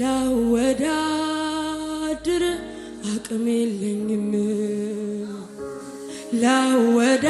ላወዳድር አቅም የለኝም ላወዳ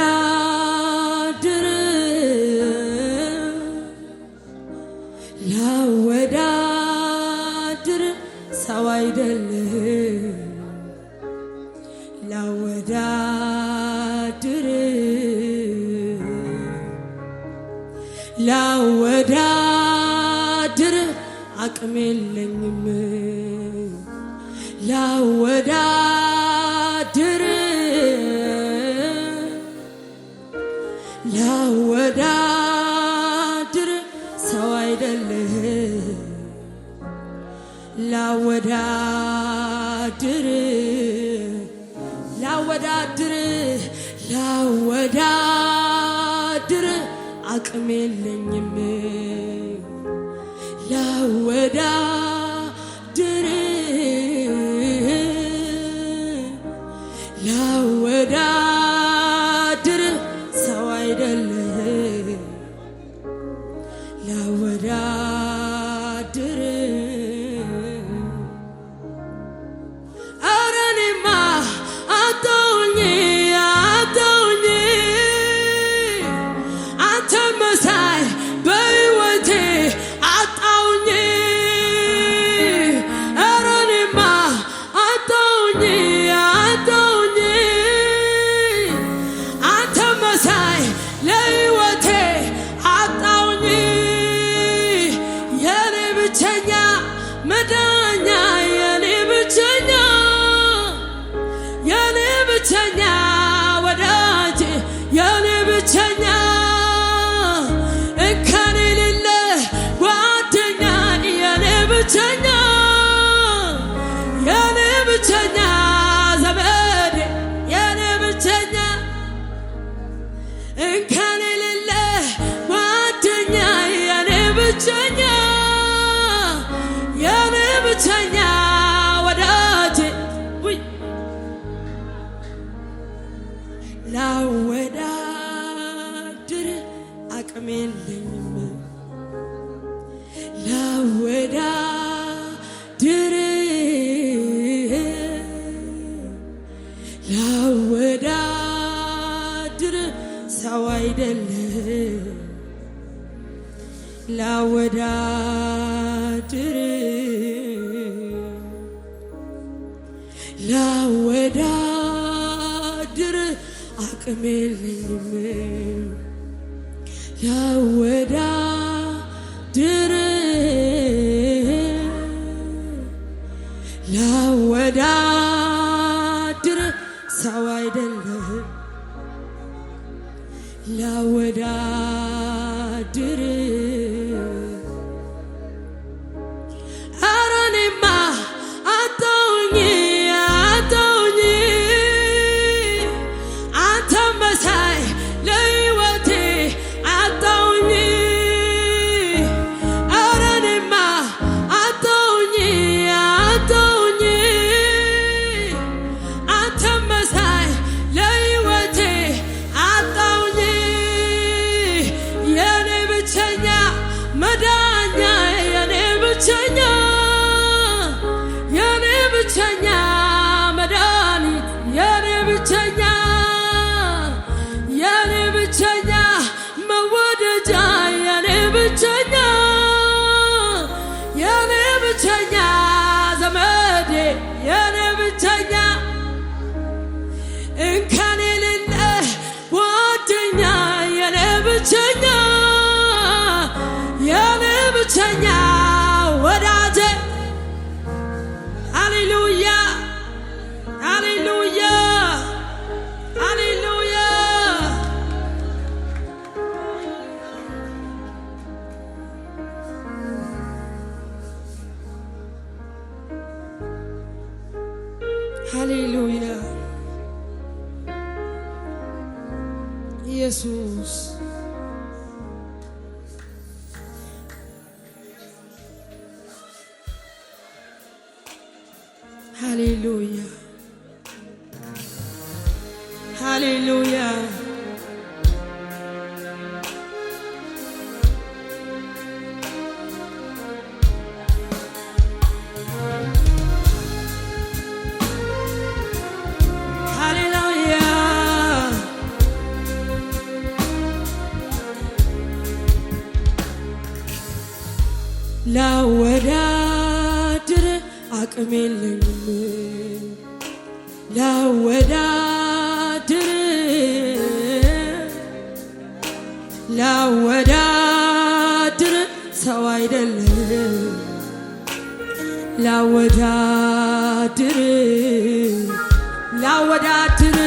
ላወዳድር አቅም የለኝም ላወዳድር ላወዳ Aleluya. Jesús. ላወዳድር አቅም የለኝም ላወዳድር ላወዳድር ሰው አይደለም ላወዳድር ላወዳድር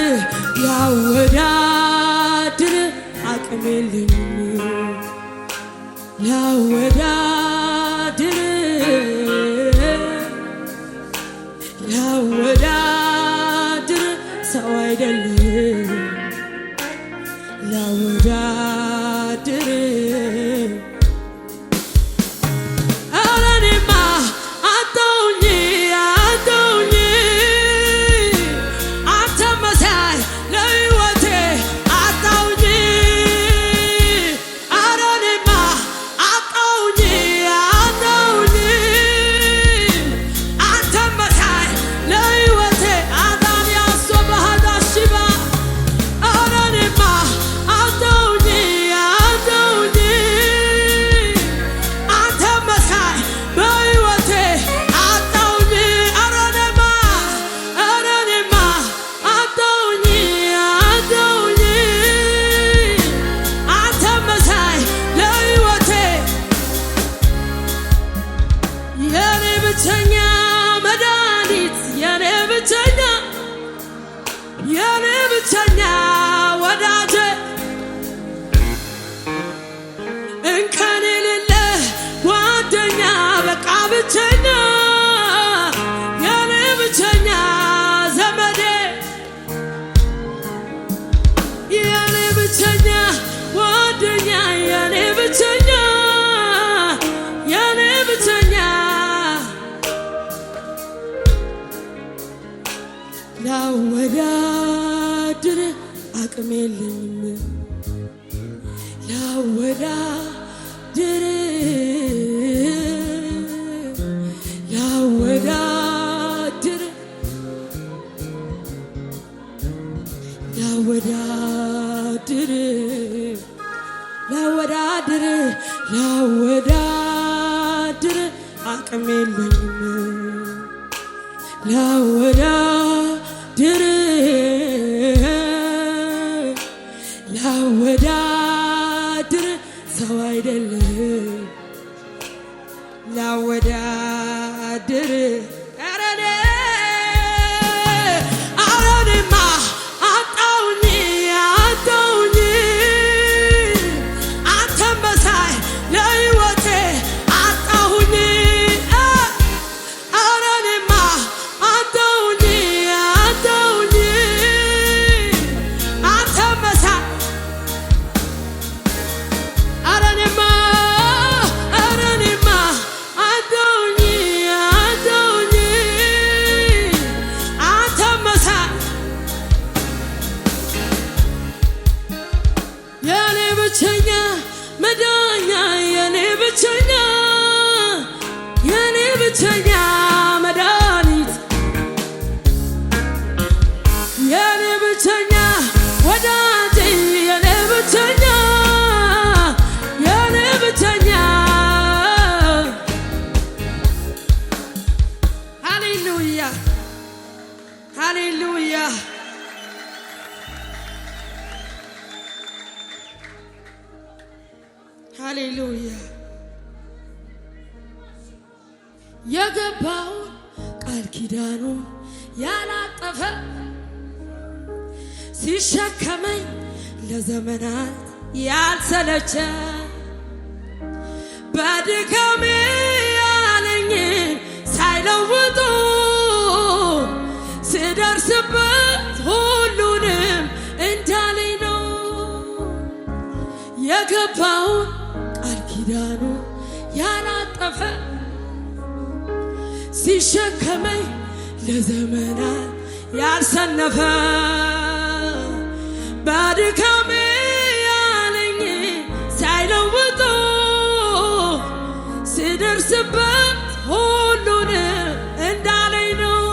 ላወዳድር አቅም የለኝም ላወዳ tanya ላወዳድር አቅም የለኝም ላወዳድር ላወዳድር ላወዳድር ላወዳድር ላወዳድር አቅም የለኝም ላወዳድር ሰው አይደለም ላወዳ ሃሌሉያ። ሃሌሉያ የገባው ቃል ኪዳኑ ያላጠፈ ሲሸከመኝ ለዘመናት ያልሰለቸ በድካሜ ያገባውን ቃል ኪዳኑ ያላጠፈ ሲሸከመኝ ለዘመናት ያልሰነፈ በድካሜ ያለኝ ሳይለውጡ ስደርስበት ሁሉን እንዳለኝ ነው።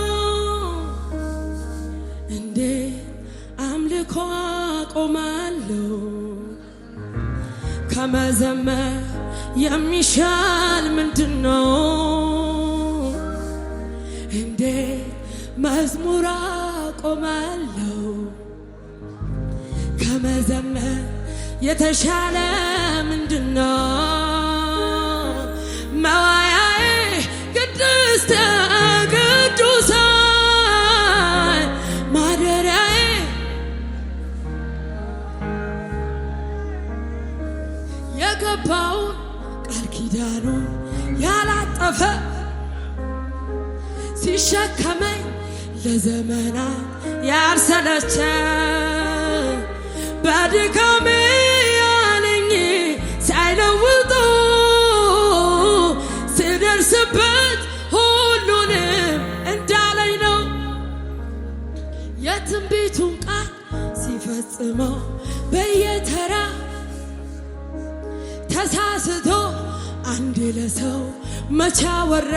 እንዴ አምልኮ አቆማለሁ ከመዘመር የሚሻል ምንድን ነው? እንዴ መዝሙር አቆማለሁ? ከመዘመር የተሻለ ምንድን ነው? መዋያዬ ቅድስት የገባውን ቃል ኪዳኑን ያላጠፈ ሲሸከመኝ ለዘመናት ያልሰለቸ በድካሜ ያለኝ ሳይለውጡ ስደርስበት ሁሉንም እንዳለኝ ነው የትንቢቱን ቃል ሲፈጽመው በየተራ አንስቶ አንዴ ለሰው ወራ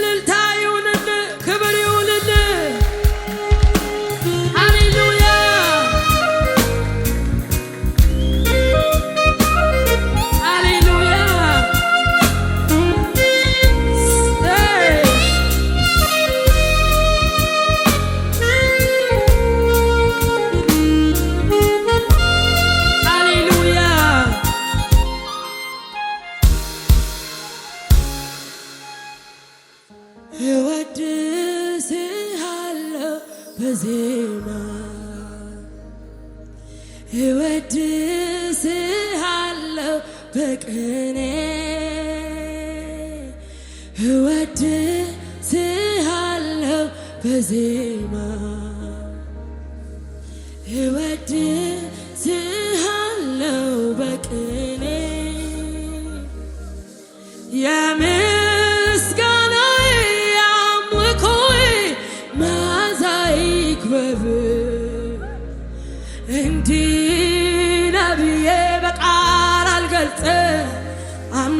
little time. ዜማ እወድስሃለው በቅኔ እወድስሃለው በዜ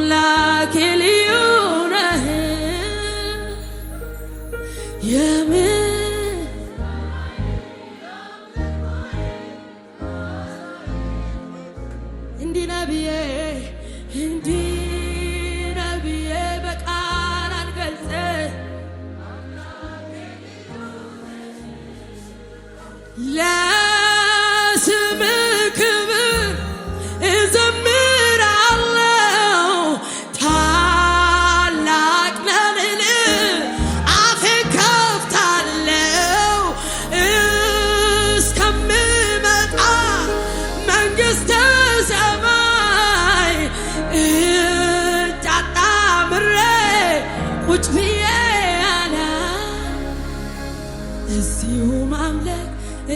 Luckily.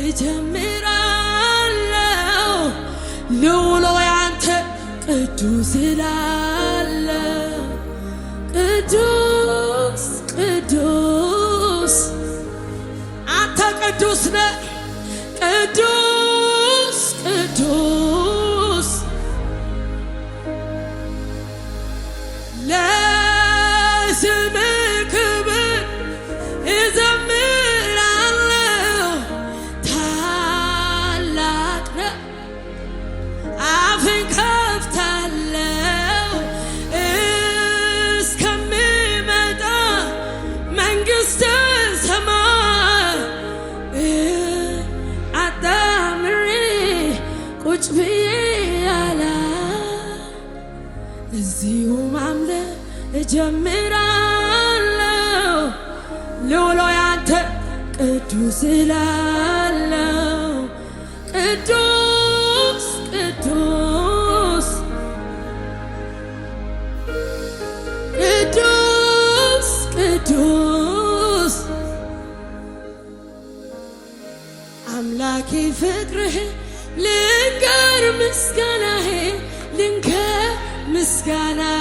እጀምራለው ልውሎ ያንተ ቅዱስ ላለ ቅዱስ ቅዱስ አንተ ቅዱስ ነህ ቅዱስ በዚሁ ማምለክ እጀምራለሁ ልውሎ ያንተ ቅዱስ እላለሁ ቅዱስ ቅዱስ ቅዱስ ቅዱስ አምላኬ ፍቅርህ ልንገር ምስጋናህ The miskana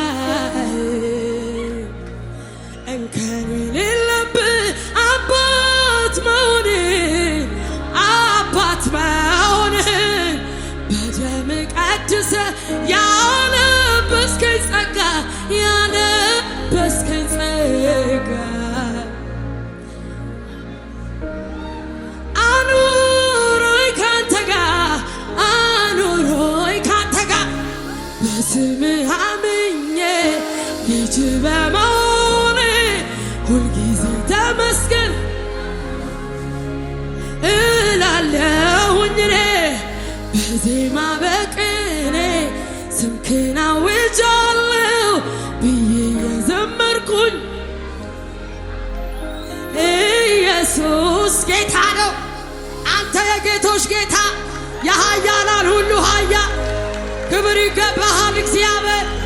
ልጅ በመሆኔ ሁልጊዜ ተመስገን እላለሁኝ። እኔ በዜማ በቅኔ ስምህን አውጃለሁ ብዬ የዘመርኩኝ ኢየሱስ ጌታ ነው። አንተ የጌቶች ጌታ የኃያላን ሁሉ ኃያል ክብር ይገባሃል እግዚአብሔር